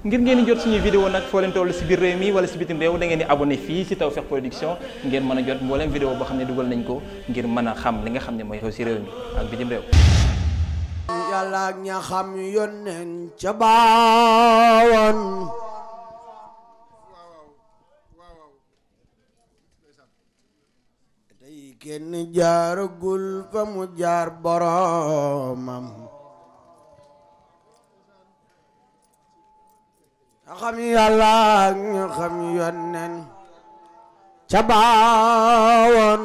ngir ngeen di jot suñuy vidéo nag foo leen toll si biir réew mi wala si bitim réew da ngeen di abonné fii si Tawfekh Production ngeen mën a jot mbooleem vidéo boo xam ne dugal nañ ko ngir mën a xam li nga xam ne mooy xew si réew mi ak bitim réew yàlla ak ca baawoon tey kenn jaaragul fa mu jaar boromam xam yàlla ñu xam yónneen ca baawoon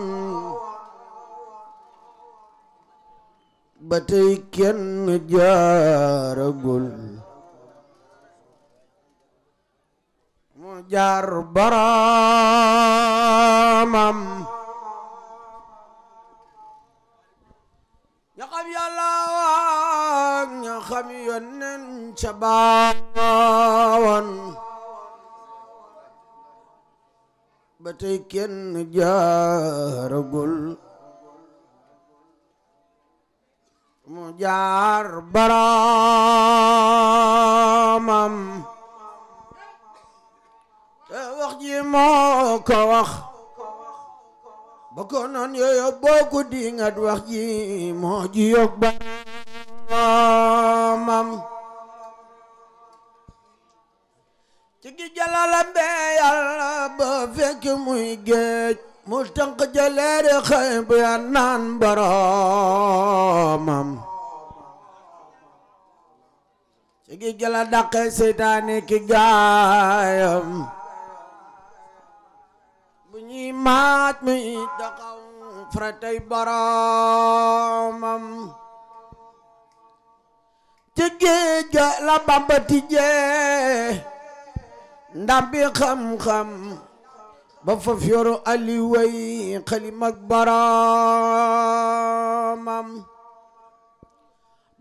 ba tey mu jaar boroomam ña xam yàlla ña xam yónneen tey kenn jaaragul mu jaar baraamam te wax ji moo ko wax ba ko noon yooyu boo ko dingat wax ji moo ji yokk baraamam ci gi jalalam be yàlla ba fekk muy géej mu tënk jëleeri xëy bu ya naan boromam ci gi jala dàqe seytaane ki gaayam bu ñuy maat muy taxaw fratey boromam ci géej la bamba tijjee ndambi xam-xam ba faf yoru ali way xalimak baraamam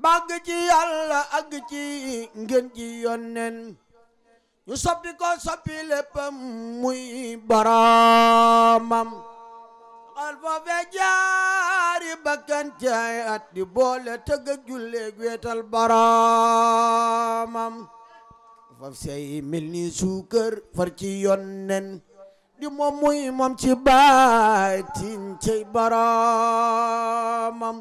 bàgg ci yàlla àgg ci ngën ñu soppi ko soppi léppam muy baraamam al foofe jaari bakkan caay at di boole tëgg ak julleeg baraamam faf sey mil ni suukar far ci yonnen di moom muy moom ci baatin cey baraamam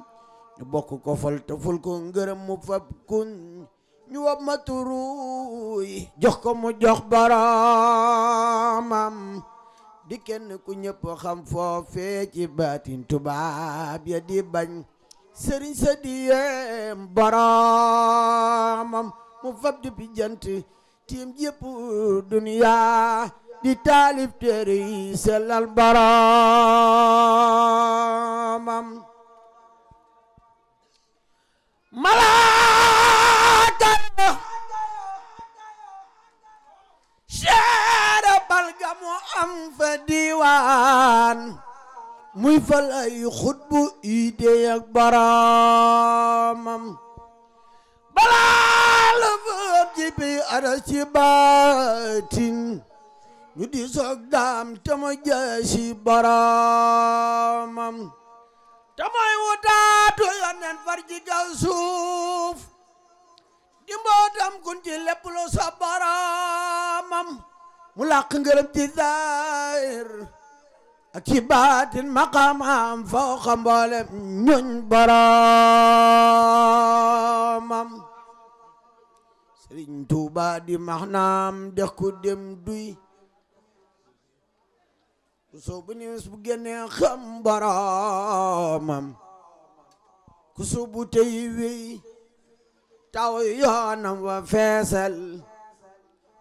ñu bokk ko fal te ful ko ngërëm mu fab kun ñu wab ma turuy jox ko mu jox baraamam di kenn ku ñëpp xam foofe ci baatin tubaab ya di bañ sëriñ sa di yeem baraamam mu fab di bi tiim jëpp duniyaa di taalif téere yi sellal boroomam malaaka seere balga am fa diiwaan muy fal ay xutbu idee ak balaa bi aras ci baatin ñu di soog daam te mu jeesi baraamam te mooy wutaatu yonen far ci kaw di mbootam kun ci lépp lu baraamam mu làq ngërëm ci zaahir ak ci baatin maqaamam foo xam mboolem ñoñ baraamam sëriñ tuuba di max naam dex ku dem duy ku soobu niis bu génnee xam boroomam ku soobu tey wey taw yoonam wa feesal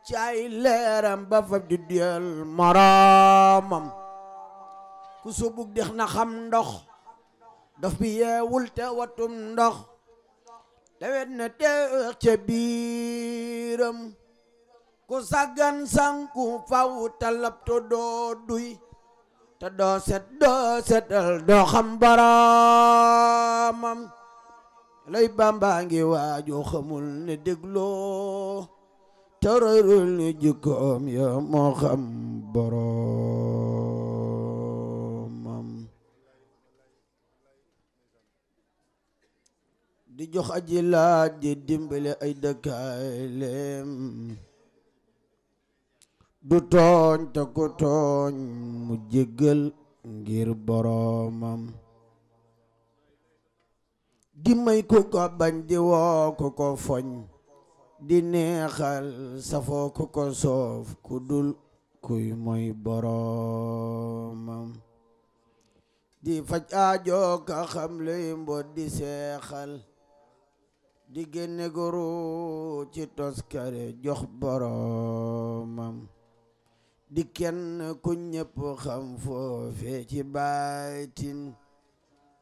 ci leeram ba fab di duyal moroomam ku soobu dex na xam ndox daf bi yeewul te watum ndox tewet na teex ca biiram ku saggan sanku faw talab to doo duy te doo set doo setal doo xam baraamam lay bàmbaa ngi waaju xamul ne dégloo te royrul ni jikkoom ya moo xam boroom di jox aji laaj di dimbale ay dëkkaalem du tooñ te ku tooñ mu jéggal ngir boroomam di may ku ko bañ di woo ku ko foñ di neexal safoo ko soof ku dul kuy moy boroomam di faj aajo ka xam lay mbot di seexal di génne góoru ci toskare jox boromam di kenn ku ñëpp xam foofe ci baytin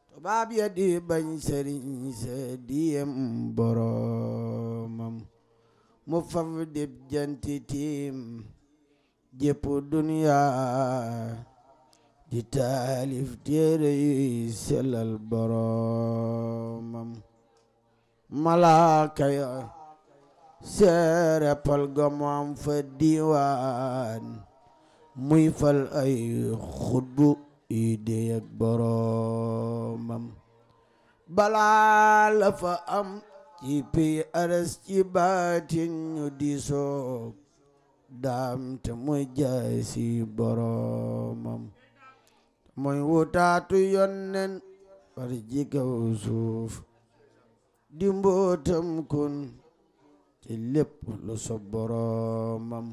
tubaab ya di bañ sëriñ sa diyem boromam mu faf dib janti tiim jépp duniya di taalif téere yuy selal boromam malaaka ya seere pal ga am fa diiwaan muy fal ay xutbu yi dee ak boroomam balaa la fa am ci pi aras ci baatin ñu diisoo daam te muy jaay si boroomam muy wutaatu yonnen par ci kaw di mbootam kun ci lépp lu sob boroomam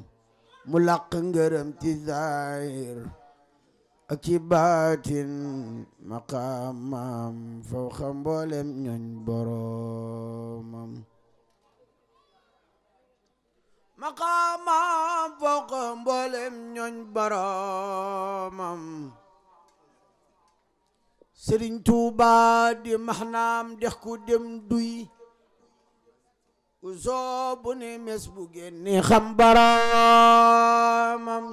mu lakk ngërëm ci zaahir ak ci baatin maqaamam faw xam mboolem ñooñ boroomam maqaamam faw xam mboolem ñooñ boroomam sëriñ tuuba di maxnaam dex ku dem duy ku soobu ne mes bu génni xam baraamam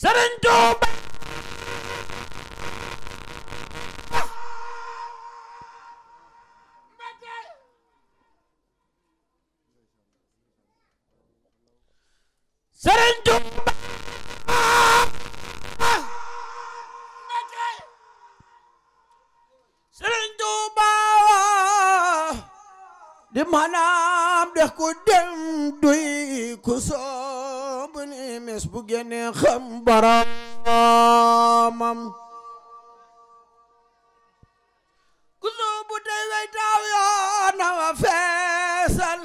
sëriñ tuuba ab dex ku dem duy ku soob ni mes bu génne xam boroomam ku soobu tey wey taaw yoo na wa feesal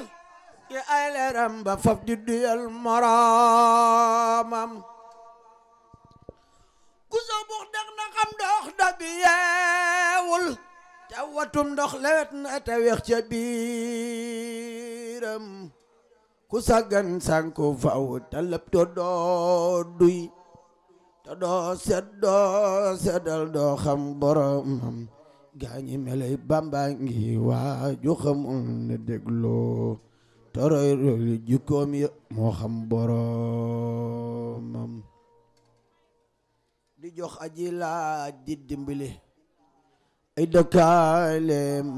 ki ay leeram ba faf di duyal moroomam ku soobu dex na xam dox dag yeewul ca watum ndox lewet na te weex ca biiram ku sàggan sànku faw te lépp doo duy te doo sedd doo seddal doo xam boromam gaañi melay bamba ngi waaju xamul ne dégloo toroy roy jikkoom ya moo xam boromam di jox aji laaj di dimbali ay dëkkaaleem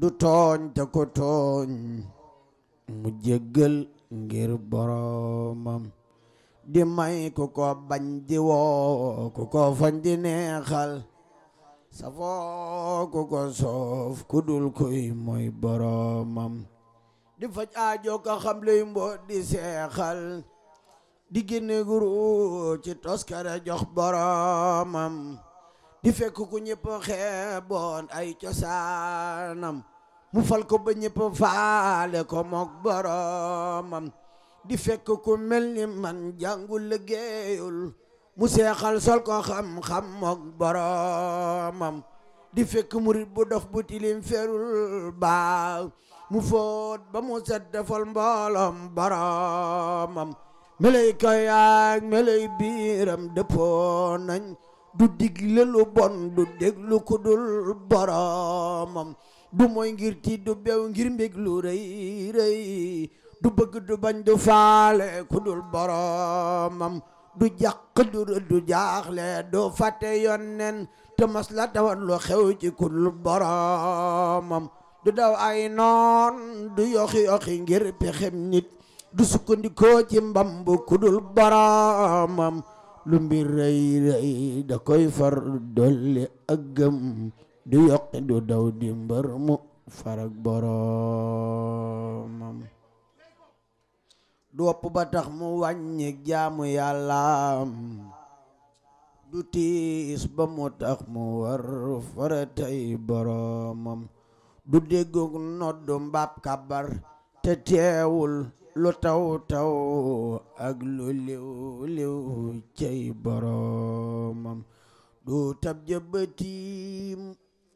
du tooñ te ko tooñ mu jéggal ngir boroomam di may ku ko bañ di woo ku ko fañ di neexal safoo ku ko soof ku dul koy mooy boroomam di faj aajo xam lay mboo di seexal di génne guru ci toskare jox boroomam di fekk ku ñëpp xeeboon ay cosaanam mu fal ko ba ñëpp faale ko mook boromam di fekk ku mel ni man jàngul liggéeyul mu seexal sol ko xam-xam mook boromam di fekk murit bu dof bu tilim ferul baaw mu fóot ba mu set defal mbooloom boromam melay kayaag melay biiram dëppoo du digle lu bon du déglu ku dul boromam du mooy ngir tiit du bew ngir mbég lu rëy du bëgg du bañ du faale ku boromam du jàq du du jaaxle du fàtte yonnen te mas la tawan lu xew ci ku boromam du daw ay noon du yoxi yoxi ngir pexem nit du sukkandikoo ci mbamb ku boromam lu mbir rëy rëy da koy far dolli ak gëm du yokki du daw di mbër mu farak boroomam du wopp ba tax mu wàññi jaamu yàllaam du tiis ba mu tax mu war faratay boroomam du déggook noddu mbaab kabar te teewul lu taw taw ak lu liw liw cay boromam du tab jëbbatim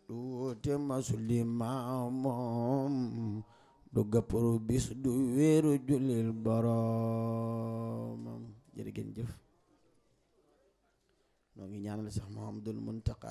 du woote masuli maamom du gàppru bis du wéeru julil boromam jërëgeen jëf noo ngi ñaanal sax Muhammadul Muntaqa